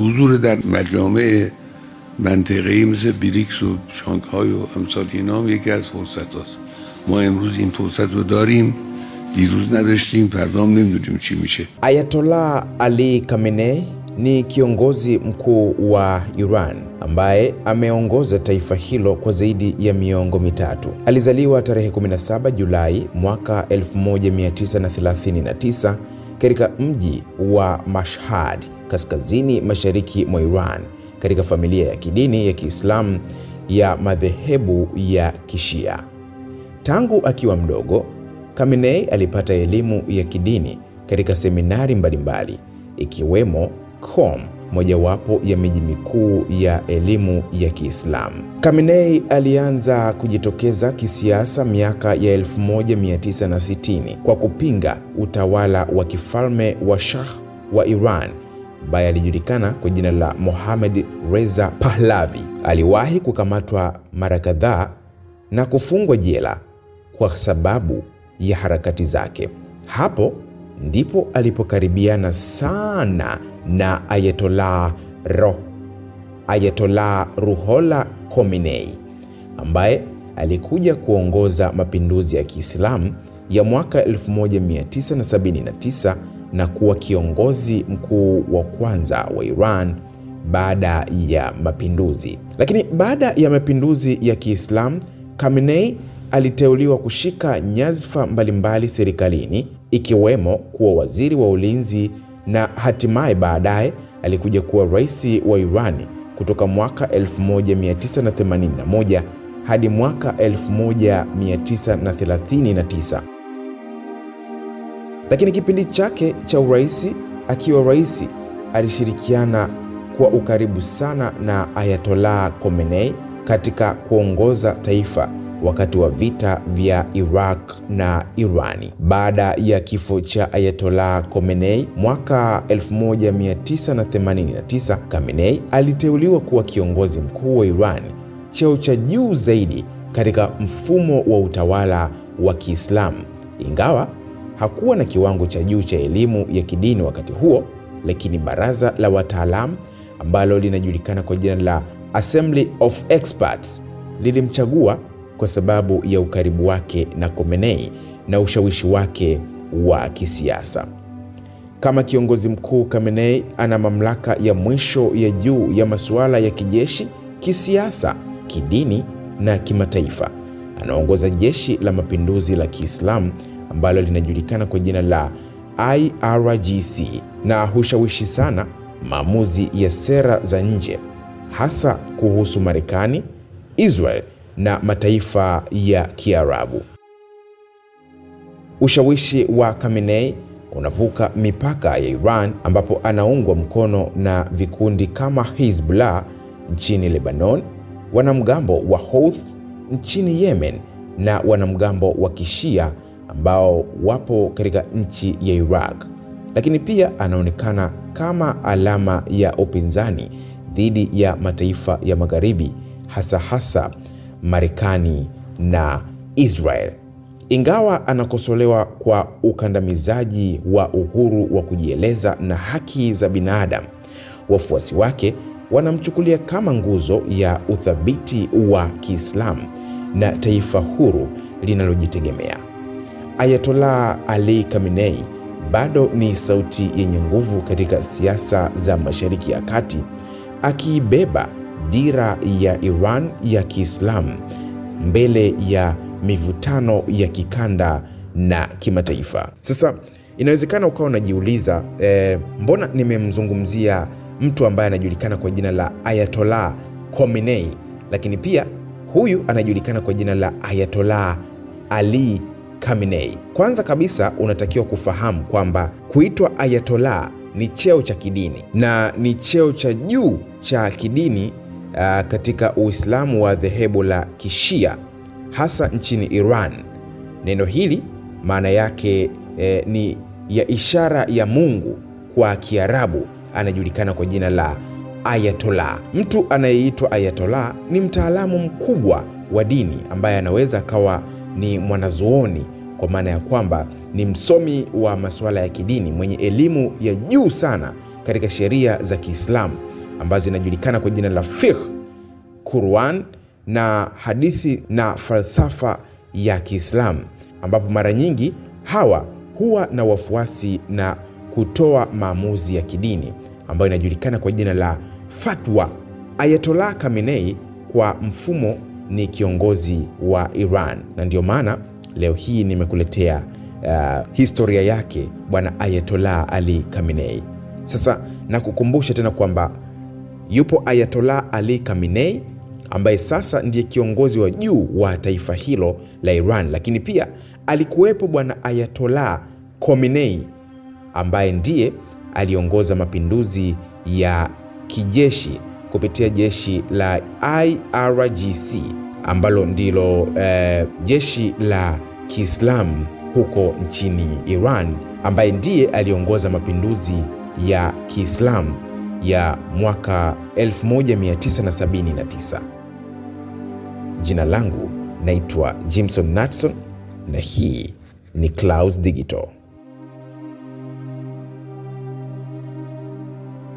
حضور در مجامع منطقه‌ای مثل بریکس و شانگهای و امثال اینا هم یکی از فرصت هاست. ما امروز این فرصت رو داریم دیروز نداشتیم پردام نمیدونیم چی میشه آیت الله علی کامنه ni kiongozi mkuu wa Iran ambaye ameongoza taifa hilo kwa zaidi ya miongo mitatu. Alizaliwa tarehe 17 Julai mwaka 1939 katika mji wa Mashhad kaskazini mashariki mwa Iran katika familia ya kidini ya Kiislamu ya madhehebu ya Kishia. Tangu akiwa mdogo, Khamenei alipata elimu ya kidini katika seminari mbalimbali ikiwemo Qom, mojawapo ya miji mikuu ya elimu ya Kiislamu. Khamenei alianza kujitokeza kisiasa miaka ya 1960 kwa kupinga utawala wa kifalme wa Shah wa Iran ambaye alijulikana kwa jina la Mohamed Reza Pahlavi aliwahi kukamatwa mara kadhaa na kufungwa jela kwa sababu ya harakati zake. Hapo ndipo alipokaribiana sana na Ayatollah Ro, Ayatollah Ruhola Khomeini ambaye alikuja kuongoza mapinduzi ya Kiislamu ya mwaka 1979 na kuwa kiongozi mkuu wa kwanza wa Iran baada ya mapinduzi. Lakini baada ya mapinduzi ya Kiislamu, Khamenei aliteuliwa kushika nyadhifa mbalimbali serikalini ikiwemo kuwa waziri wa ulinzi na hatimaye baadaye alikuja kuwa rais wa Iran kutoka mwaka 1981 hadi mwaka 1939. Lakini kipindi chake cha uraisi akiwa rais alishirikiana kwa ukaribu sana na Ayatollah Khomeini katika kuongoza taifa wakati wa vita vya Iraq na Irani. Baada ya kifo cha Ayatollah Khomeini mwaka 1989, Khamenei aliteuliwa kuwa kiongozi mkuu wa Iran, cheo cha juu zaidi katika mfumo wa utawala wa Kiislamu, ingawa Hakuwa na kiwango cha juu cha elimu ya kidini wakati huo, lakini baraza la wataalamu ambalo linajulikana kwa jina la Assembly of Experts lilimchagua kwa sababu ya ukaribu wake na Khomeini na ushawishi wake wa kisiasa. Kama kiongozi mkuu, Khamenei ana mamlaka ya mwisho ya juu ya masuala ya kijeshi, kisiasa, kidini na kimataifa anaongoza jeshi la mapinduzi la Kiislamu ambalo linajulikana kwa jina la IRGC na hushawishi sana maamuzi ya sera za nje hasa kuhusu Marekani, Israel na mataifa ya Kiarabu. Ushawishi wa Khamenei unavuka mipaka ya Iran ambapo anaungwa mkono na vikundi kama Hezbollah nchini Lebanon, wanamgambo wa Houthi nchini Yemen na wanamgambo wa Kishia ambao wapo katika nchi ya Iraq, lakini pia anaonekana kama alama ya upinzani dhidi ya mataifa ya Magharibi, hasa hasa Marekani na Israel. Ingawa anakosolewa kwa ukandamizaji wa uhuru wa kujieleza na haki za binadamu, wafuasi wake wanamchukulia kama nguzo ya uthabiti wa Kiislamu na taifa huru linalojitegemea. Ayatollah Ali Khamenei bado ni sauti yenye nguvu katika siasa za Mashariki ya Kati, akiibeba dira ya Iran ya Kiislamu mbele ya mivutano ya kikanda na kimataifa. Sasa inawezekana ukawa unajiuliza eh, mbona nimemzungumzia mtu ambaye anajulikana kwa jina la Ayatollah Khamenei, lakini pia Huyu anajulikana kwa jina la Ayatollah Ali Khamenei. Kwanza kabisa unatakiwa kufahamu kwamba kuitwa Ayatollah ni cheo cha kidini na ni cheo cha juu cha kidini uh, katika Uislamu wa dhehebu la Kishia hasa nchini Iran. Neno hili maana yake eh, ni ya ishara ya Mungu kwa Kiarabu, anajulikana kwa jina la Ayatollah. Mtu anayeitwa Ayatollah ni mtaalamu mkubwa wa dini ambaye anaweza akawa ni mwanazuoni kwa maana ya kwamba ni msomi wa masuala ya kidini mwenye elimu ya juu sana katika sheria za Kiislamu ambazo zinajulikana kwa jina la fiqh, Qur'an na hadithi na falsafa ya Kiislamu, ambapo mara nyingi hawa huwa na wafuasi na kutoa maamuzi ya kidini ambayo inajulikana kwa jina la Fatwa Ayatollah Khamenei kwa mfumo ni kiongozi wa Iran, na ndio maana leo hii nimekuletea uh, historia yake bwana Ayatollah Ali Khamenei. Sasa nakukumbusha tena kwamba yupo Ayatollah Ali Khamenei ambaye sasa ndiye kiongozi wa juu wa taifa hilo la Iran, lakini pia alikuwepo bwana Ayatollah Khomeini ambaye ndiye aliongoza mapinduzi ya kijeshi kupitia jeshi la IRGC ambalo ndilo eh, jeshi la Kiislamu huko nchini Iran ambaye ndiye aliongoza mapinduzi ya Kiislamu ya mwaka 1979. Jina langu naitwa Jimson Natson na hii ni Clouds Digital.